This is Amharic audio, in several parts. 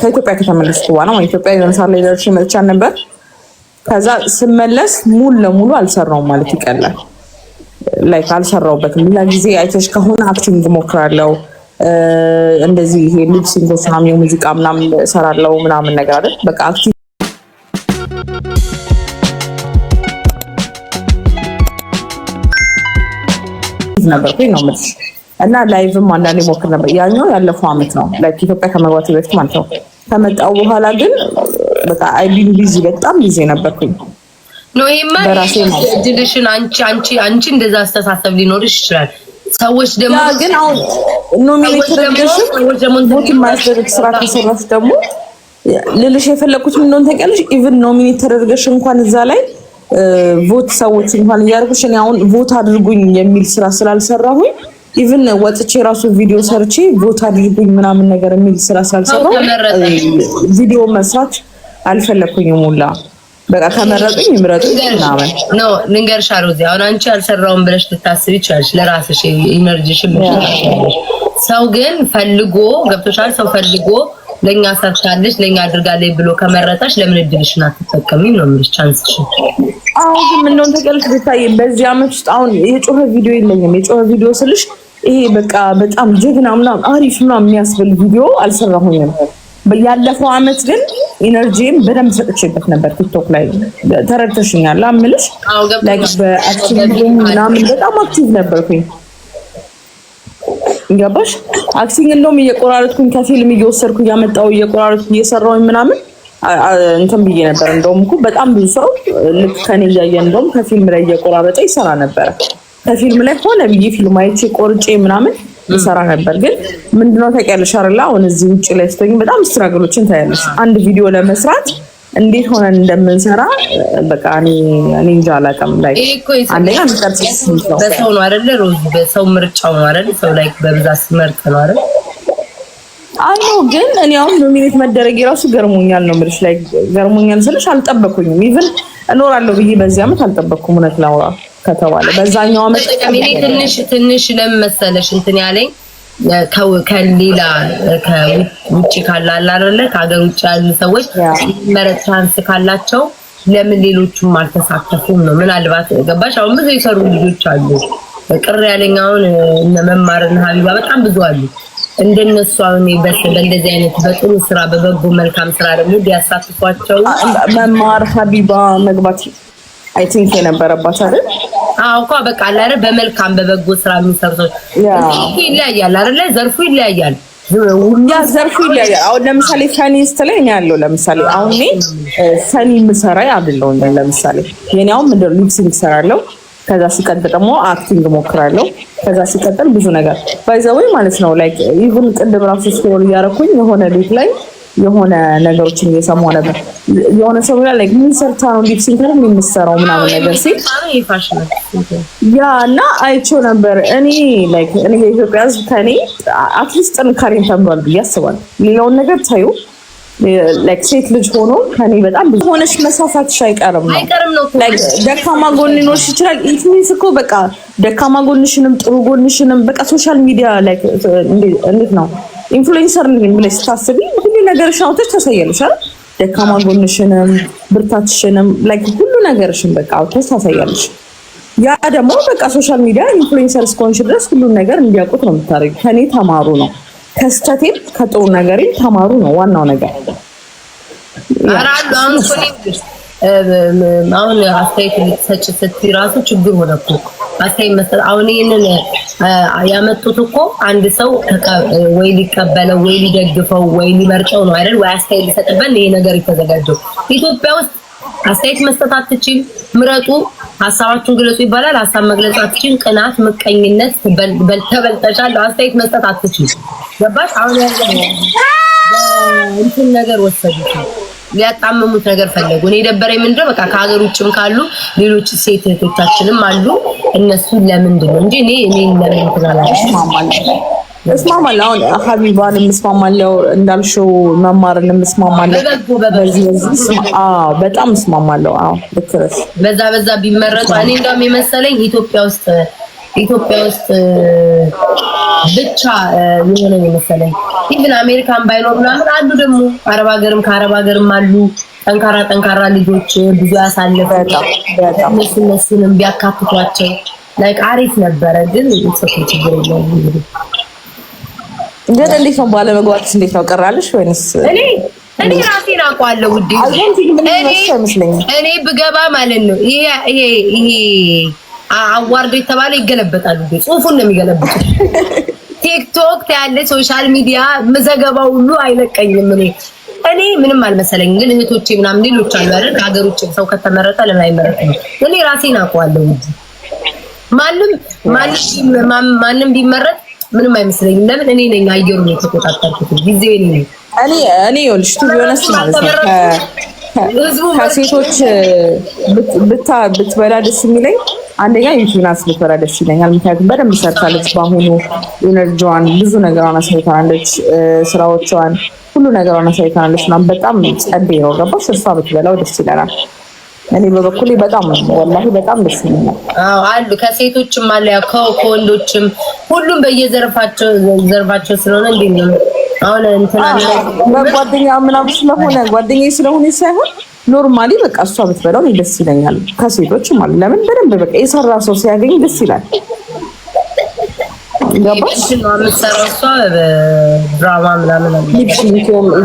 ከኢትዮጵያ ከተመለስኩ በኋላ ኢትዮጵያ የሆነ ሰዓት ላይ ደርሼ መጥቻል ነበር። ከዛ ስመለስ ሙሉ ለሙሉ አልሰራውም ማለት ይቀላል። ላይክ አልሰራውበትም። ሌላ ጊዜ አይተሽ ከሆነ አክቲንግ ሞክራለው እንደዚህ ይሄ ሊፕሲንጎች ምናምን ሙዚቃ ምናምን ሰራለው ምናምን ነገር አይደል በቃ አክቲንግ ነበርኩኝ ነው የምልሽ እና ላይቭም አንዳንድ ሞክር ነበር። ያኛው ያለፈው አመት ነው ኢትዮጵያ ከመግባት በፊት ማለት ነው። ከመጣው በኋላ ግን በቃ አይቢን ቢዚ በጣም ቢዚ ነበርኩኝ። ኖ ድልሽን አንቺ አንቺ አንቺ እንደዛ አስተሳሰብ ሊኖርሽ ይችላል። ሰዎች ደግሞ ግን አሁን ኖሚኔትር ሞት የማያስደርግ ስራ ከሰራሽ ደግሞ ልልሽ የፈለግኩት ምንሆን እንደሆነ ታውቂያለሽ። ኢቭን ኖሚኔት ተደርገሽ እንኳን እዛ ላይ ቮት ሰዎች እንኳን እያደረጉሽ እኔ አሁን ቮት አድርጉኝ የሚል ስራ ስላልሰራሁኝ ኢቭን ወጥቼ ራሱ ቪዲዮ ሰርቼ ቮት አድርጉኝ ምናምን ነገር የሚል ስራ ሳልሰራ ቪዲዮ መስራት አልፈለኩኝም። ሁላ በቃ ተመረጡኝ ይምረጡኝ ምናምን ነው። ልንገርሽ ሮዚ፣ አሁን አንቺ አልሰራውም ብለሽ ልታስብ ይችላልሽ፣ ለራስሽ ኢነርጂሽ ሰው ግን ፈልጎ ገብቶሻል። ሰው ፈልጎ ለኛ ሰርታለች ለኛ አድርጋለች ብሎ ከመረጠሽ ለምን እድልሽን አትጠቀሚም? ነው የምልሽ ቻንስሽን። አዎ ግን ምን ነው ተገልጽ ቢታይ በዚህ አመት ውስጥ አሁን የጮኸ ቪዲዮ የለኝም። የጮኸ ቪዲዮ ስልሽ ይሄ በቃ በጣም ጀግና ምናምን አሪፍ ምናምን የሚያስብል ቪዲዮ አልሰራሁኝም። ያለፈው አመት ግን ኢነርጂም በደንብ ሰጥቼበት ነበር። ቲክቶክ ላይ ተረድተሽኛል አምልሽ ምናምን በጣም አክቲቭ ነበርኩኝ። ገባሽ? አክቲንግ እንደውም እየቆራረጥኩኝ ከፊልም እየወሰድኩ እያመጣው እየቆራረጥኩ እየሰራሁኝ ምናምን እንትን ብዬ ነበር። እንደውም እኮ በጣም ብዙ ሰው ልክ ከኔ እያየ እንደውም ከፊልም ላይ እየቆራረጠ ይሰራ ነበረ። ከፊልም ላይ ሆነ ብዬ ፊልም አይቼ ቆርጬ ምናምን ይሰራ ነበር። ግን ምንድነው ታውቂያለሽ አይደል? አሁን እዚህ ውጭ ላይ ስትሆኝ በጣም ስትራግሎችን ታያለሽ። አንድ ቪዲዮ ለመስራት እንዴት ሆነን እንደምንሰራ በቃ እኔ እኔ እንጃ አላውቅም። ላይ አንደኛ ምቀርጽ በሰው ነው አይደለ? ሮዚ በሰው ምርጫው ነው አይደል? ሰው ላይ በብዛት ስመርጥ ነው አይደል? አይ ግን እኔ አሁን ኖሚኔት መደረግ የራሱ ገርሞኛል ነው የምልሽ። ላይ ገርሞኛል ስልሽ አልጠበኩኝም። ኢቭን እኖራለሁ ብዬ በዚህ አመት አልጠበኩም እውነት ላውራ ከተባለ በዛኛው አመት ትንሽ ትንሽ ለምን መሰለሽ እንትን ያለኝ ከሌላ ከውጭ ካላላ አይደለ ከሀገር ውጭ ያሉ ሰዎች መረጥ ቻንስ ካላቸው ለምን ሌሎቹም አልተሳተፉም ነው። ምናልባት ገባሽ። አሁን ብዙ የሰሩ ልጆች አሉ። ቅር ያለኝ አሁን እነ መማርና ሀቢባ በጣም ብዙ አሉ። እንደነሱ አሁን ይበስ በእንደዚህ አይነት በጥሩ ስራ በበጎ መልካም ስራ ደግሞ ቢያሳትፏቸው መማር ሀቢባ መግባት አይ ቲንክ የነበረባት አይደል አዎ በቃ አለ አይደል? በመልካም በበጎ ስራ የሚሰሩ ሰዎች ይለያያል አይደል? ዘርፉ ይለያያል። ያ ዘርፉ ይለያያል። አሁን ለምሳሌ ፋይናንስት ላይ እኔ ያለው ለምሳሌ አሁን እኔ ሰኒ የምሰራ አይደለሁም። ለምሳሌ የኔውም እንደ ምንድን ነው ከዛ ሲቀጥል ደግሞ አክቲንግ ሞክራለው። ከዛ ሲቀጥል ብዙ ነገር ባይዘወይ ማለት ነው ላይክ ኢቭን ቅድም ራሱ ስቶሪ እያደረኩኝ የሆነ ቤት ላይ የሆነ ነገሮችን እየሰማ ነበር። የሆነ ሰው ብላ ምን ሰርታ ነው ሊፕ ሲንክ ነው የምትሰራው ምናምን ነገር ሲል ያ እና አይቼው ነበር። እኔ ላይክ እኔ የኢትዮጵያ ሕዝብ ከኔ አትሊስት ጥንካሬን ተምሯል ብዬ አስባለሁ። ሌላውን ነገር ታዩ ላይክ ሴት ልጅ ሆኖ ከኔ በጣም ብዙ ሆነሽ መሳሳትሽ አይቀርም ነው። ደካማ ጎን ሊኖርሽ ይችላል። ኢት እኮ በቃ ደካማ ጎንሽንም ጥሩ ጎንሽንም በቃ ሶሻል ሚዲያ ላይክ እንዴት ነው ኢንፍሉዌንሰር ብለሽ ስታስቢ ነገርሽን አውጥተሽ ታሳያለሽ አይደል? ደካማ ጎንሽንም ብርታትሽንም ላይክ ሁሉ ነገርሽን በቃ አውጥተሽ ታሳያለሽ። ያ ደግሞ በቃ ሶሻል ሚዲያ ኢንፍሉዌንሰር እስከሆንሽ ድረስ ሁሉን ነገር እንዲያውቁት ነው የምታደርጊ። ከኔ ተማሩ ነው፣ ከስተቴም ከጥሩ ነገሬም ተማሩ ነው ዋናው ነገር። አሁን አስተያየት ሰጭ ስትይ ራሱ ችግር ሆነ እኮ አስተያየት መስጠት አሁን ይህንን ያመጡት እኮ አንድ ሰው ወይ ሊቀበለው ወይ ሊደግፈው ወይ ሊመርጨው ነው አይደል? ወይ አስተያየት ሊሰጥበት ይሄ ነገር የተዘጋጀው። ኢትዮጵያ ውስጥ አስተያየት መስጠት አትችል፣ ምረጡ፣ ሀሳባችሁን ግለጹ ይባላል። ሀሳብ መግለጽ አትችል፣ ቅናት፣ ምቀኝነት፣ ተበልጠሻል፣ አስተያየት መስጠት አትችል። ገባሽ? አሁን ያለ እንትን ነገር ወሰዱት ሊያጣመሙት ነገር ፈለጉ። እኔ የደበረኝ ምንድን ነው በቃ ከሀገር ውጭም ካሉ ሌሎች ሴት እህቶቻችንም አሉ። እነሱ ለምንድን ነው እንጂ እኔ እኔ ለምን ትላላለሽ? እስማማለሁ አሁን ሀቢባን እስማማለሁ፣ እንዳልሽው መማርን እስማማለሁ። በጣም እስማማለሁ። አዎ ልክ በዛ በዛ ቢመረጡ እኔ እንደውም የመሰለኝ ኢትዮጵያ ውስጥ ኢትዮጵያ ውስጥ ብቻ የሆነ የመሰለኝ ኢቭን አሜሪካን ባይኖር ምናምን አሉ ደግሞ አረብ ሀገርም ከአረብ ሀገርም አሉ ጠንካራ ጠንካራ ልጆች ብዙ ያሳለፈ እነሱ እነሱንም ቢያካትቷቸው ላይክ አሪፍ ነበረ። ግን ጽፍ ችግር የለም እንግዲህ ግን እንዴት ነው ባለመግባትስ? እንዴት ነው ቀራለሽ ወይንስ እኔ እኔ ራሴን አውቀዋለሁ ውዴ። እኔ ብገባ ማለት ነው ይሄ ይሄ ይሄ አዋርዶ የተባለ ይገለበጣሉ። ጽሁፉን ነው የሚገለብጡት። ቲክቶክ ያለ ሶሻል ሚዲያ ዘገባ ሁሉ አይለቀኝም። እኔ እኔ ምንም አልመሰለኝ፣ ግን እህቶቼ ምናምን ሌሎች አሉ አይደል? ሀገር ውጭ ሰው ከተመረጠ ለምን አይመረጥም? እኔ ራሴን አውቀዋለሁ። ውድ ማንም ማንም ቢመረጥ ምንም አይመስለኝም። ለምን እኔ ነኝ አየሩን የተቆጣጠርኩት ጊዜ እኔ ነኝ እኔ እኔ ሆልሽቱ ቢሆነስ ማለት ነው ከሴቶች ብትበላ ደስ የሚለኝ አንደኛ ዩቲዩብ አስብትበላ ደስ ይለኛል። ምክንያቱም በደንብ ሰርታለች። በአሁኑ ኤነርጂዋን ብዙ ነገሯን አሳይታለች። ስራዎቿን ሁሉ ነገሯን አሳይታለች። ናም በጣም ጸዴ ነው ገባሽ። እሷ ብትበላው ደስ ይለናል። እኔ በበኩሌ በጣም ወላሂ በጣም ደስ ይለኛል። አሉ ከሴቶችም አለ ከወንዶችም ሁሉም በየዘርፋቸው ዘርፋቸው ስለሆነ እንዴት ነው አሁን እንትና ጓደኛ ምናምን ስለሆነ ጓደኛ ስለሆነ ሳይሆን ኖርማሊ በቃ እሷ ብትበላው እኔ ደስ ይለኛል። ከሴቶች ማለት ለምን በደንብ በቃ የሰራ ሰው ሲያገኝ ደስ ይላል።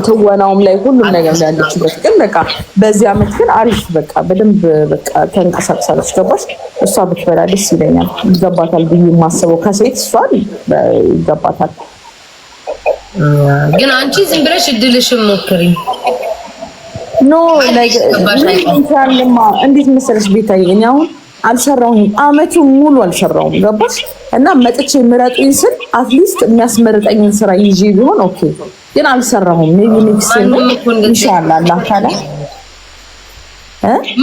ትወናውም ላይ ሁሉም ነገር ያለችበት ግን በቃ በዚህ አመት ግን አሪፍ በቃ በደንብ በቃ ተንቀሳቅሳለች። ገባሽ? እሷ ብትበላ ደስ ይለኛል። ይገባታል ብዬ የማስበው ከሴት እሷን ይገባታል። ግን አንቺ ዝም ብለሽ እድልሽን ሞክሪ። ኖ እንዴት መሰለሽ ቤታዬ፣ እኔ አሁን አልሰራሁኝም፣ አመቱን ሙሉ አልሰራሁም። ገባሽ? እና መጥቼ ምረጡኝ ስል አትሊስት የሚያስመርጠኝን ስራ ይዤ ቢሆን ኦኬ፣ ግን አልሰራሁም። ሜቢ ኔክስ ኢንሻአላህ አላህ ካላ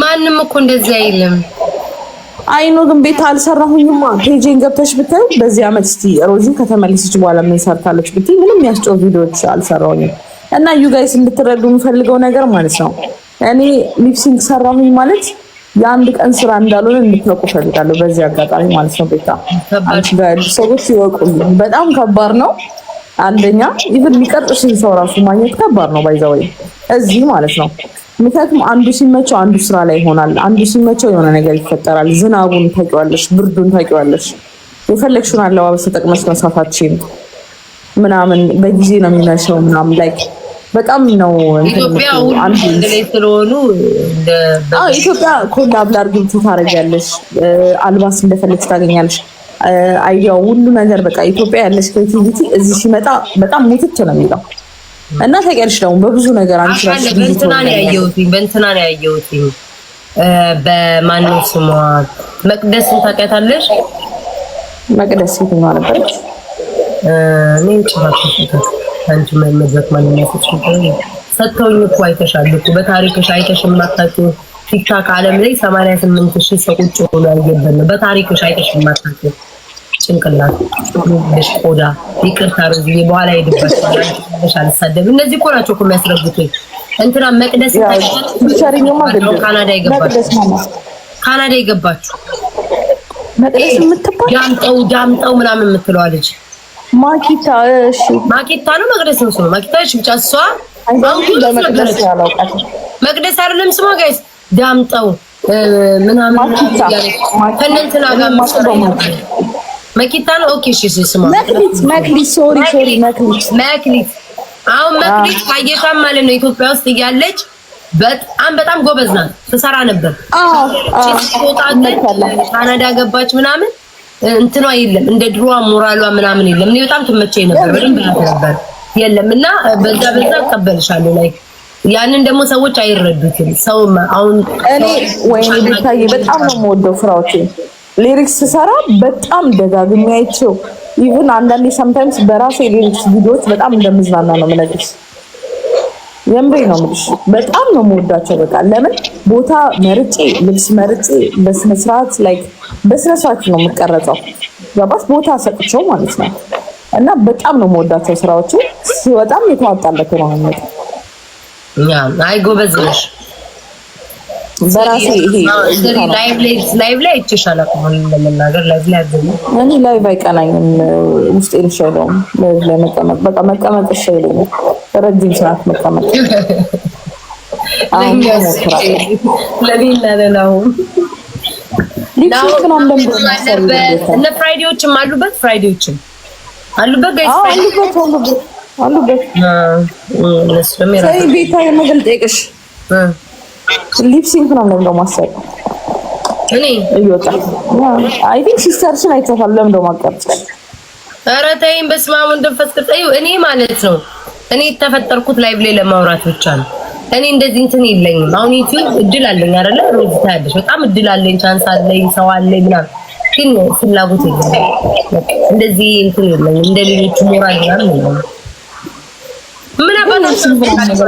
ማንም እኮ እንደዚህ አይልም። አይኖ ግን ቤት አልሰራሁኝማ። ፔጅን ገብተሽ ብታይ በዚህ አመት እስቲ ሮዚ ከተመለሰች በኋላ ምን ሰርታለች ብትይ ምንም ያስጮ ቪዲዮዎች አልሰራሁኝም። እና ዩ ጋይስ እንድትረዱ የምፈልገው ነገር ማለት ነው እኔ ሊፕሲንግ ሰራሁኝ ማለት የአንድ ቀን ስራ እንዳልሆነ እንድትነቁ ፈልጋለሁ። በዚህ አጋጣሚ ማለት ነው ቤታ ሰዎች ይወቁልኝ። በጣም ከባድ ነው። አንደኛ ኢቭን ሊቀጥር ሲል ሰው ራሱ ማግኘት ከባድ ነው። ባይዘወይ እዚህ ማለት ነው ምክንያቱም አንዱ ሲመቸው አንዱ ስራ ላይ ይሆናል። አንዱ ሲመቸው የሆነ ነገር ይፈጠራል። ዝናቡን ታውቂዋለሽ፣ ብርዱን ታውቂዋለሽ። የፈለግሽውን አለባበስ ተጠቅመሽ መሳፋችን ምናምን በጊዜ ነው የሚመሸው ምናምን ላይ በጣም ነው ኢትዮጵያ ኮላብ ላድርግ ብትይ ታደርጊያለሽ። አልባስ እንደፈለግሽ ታገኛለሽ። አይዲያው ሁሉ ነገር በቃ ኢትዮጵያ ያለሽ ክሬቲቪቲ እዚህ ሲመጣ በጣም ሙትት ነው የሚለው እና ተቀርሽ ደግሞ በብዙ ነገር አንቺ ራስሽ በእንትና ነው ያየሁትኝ፣ በእንትና ነው ያየሁትኝ። በማነው ስሟ መቅደስን ታውቂያታለሽ? መቅደስ ሴት ነው እኔ ጭራሽ አንቺ ማይመዘት ማንነት ሰጥተውኝ እኮ አይተሻል እኮ በታሪክሽ አይተሽ የማታውቂው ቲክታክ ዓለም ላይ 88 ሺህ ሰው ቁጭ ብሎ ያየበት ነው። በታሪክሽ አይተሽ የማታውቂው ጭንቅላት ሽ ቆዳ ይቅርታ ሮዚ በኋላ ሄድባሽ አልሳደብ። እነዚህ እኮ ናቸው እኮ የሚያስረግጡኝ። እንትና መቅደስ ካናዳ የገባችሁ ካናዳ የገባችሁ መቅደስ የምትባል ዳምጠው ዳምጠው ምናምን የምትለዋ ልጅ ማኪታ ማኪታ ነው መቅደስ ነው ስሙ። ማኪታ እሺ፣ ብቻ እሷ መቅደስ አይደለም ስሟ። ጋይስ ዳምጠው ምናምን ከእነ እንትና ጋር መኪታ ነው። ኦኬ እሺ፣ ስማ መክሊት መክሊት ሶሪ ሶሪ መክሊት መክሊት። አሁን መክሊት ካየሻት ማለት ነው ኢትዮጵያ ውስጥ እያለች በጣም በጣም ጎበዝ ናት፣ ትሰራ ነበር። ካናዳ ገባች ምናምን እንትኗ የለም እንደ ድሮዋ ሞራሏ ምናምን የለም። እኔ በጣም ትመቸኝ ነበር፣ በደንብ ነበር የለም እና በዛ በዛ እቀበልሻለሁ ላይ ያንን ደግሞ ሰዎች አይረዱትም። ሰው አሁን እኔ ወይ በጣም ነው የምወደው ስራዎችን ሊሪክስ ስሰራ በጣም ደጋግሜ አይቼው ኢቭን አንዳንዴ ሰምታይምስ በራሴ ሊሪክስ ቪዲዮዎች በጣም እንደምዝናና ነው የምነግርሽ። የምሬ ነው የምልሽ። በጣም ነው የምወዳቸው። በቃ ለምን ቦታ መርጬ ልብስ መርጬ በስነስርዓት ላይክ በስነስርዓት ነው የምቀረጸው። ገባሽ? ቦታ ሰጥቼው ማለት ነው። እና በጣም ነው የምወዳቸው ስራዎቹ። በጣም የተዋጣለት ነው። አይ ጎበዝ ነሽ። በራሴ ይሄ ላይቭ ላይ ይችሻል ለመናገር ላይቭ ላይ አዘኝ እኔ ላይቭ አይቀናኝም። ውስጤ ላይቭ ላይ መቀመጥ በቃ መቀመጥ ረጅም ሰዓት መቀመጥ ፍራይዴዎችም አሉበት ፍራይዴዎችም አሉበት አሉበት ቤታ የመግል ሊፕሲንክ ምናምን ነው ማሰብ እኔ እየወጣ አይ ቲንክ ሲስተርሽን አይተሻል። ለምን ደው ማቀርጥ ኧረ ተይኝ፣ በስመ አብ ወወልድ ወመንፈስ ቅዱስ። እኔ ማለት ነው እኔ የተፈጠርኩት ላይቭ ላይ ለማውራት ብቻ ነው። እኔ እንደዚህ እንትን የለኝም። አሁን ዩቲዩብ እድል አለኝ አይደለ? ሮዝ ታያለሽ፣ በጣም እድል አለኝ፣ ቻንስ አለኝ፣ ሰው አለኝ ምናምን። ግን ፍላጎት የለኝም እንደዚህ እንትን የለኝም። እንደሌሎቹ ሞራል ምናምን የለኝም። ምን ነው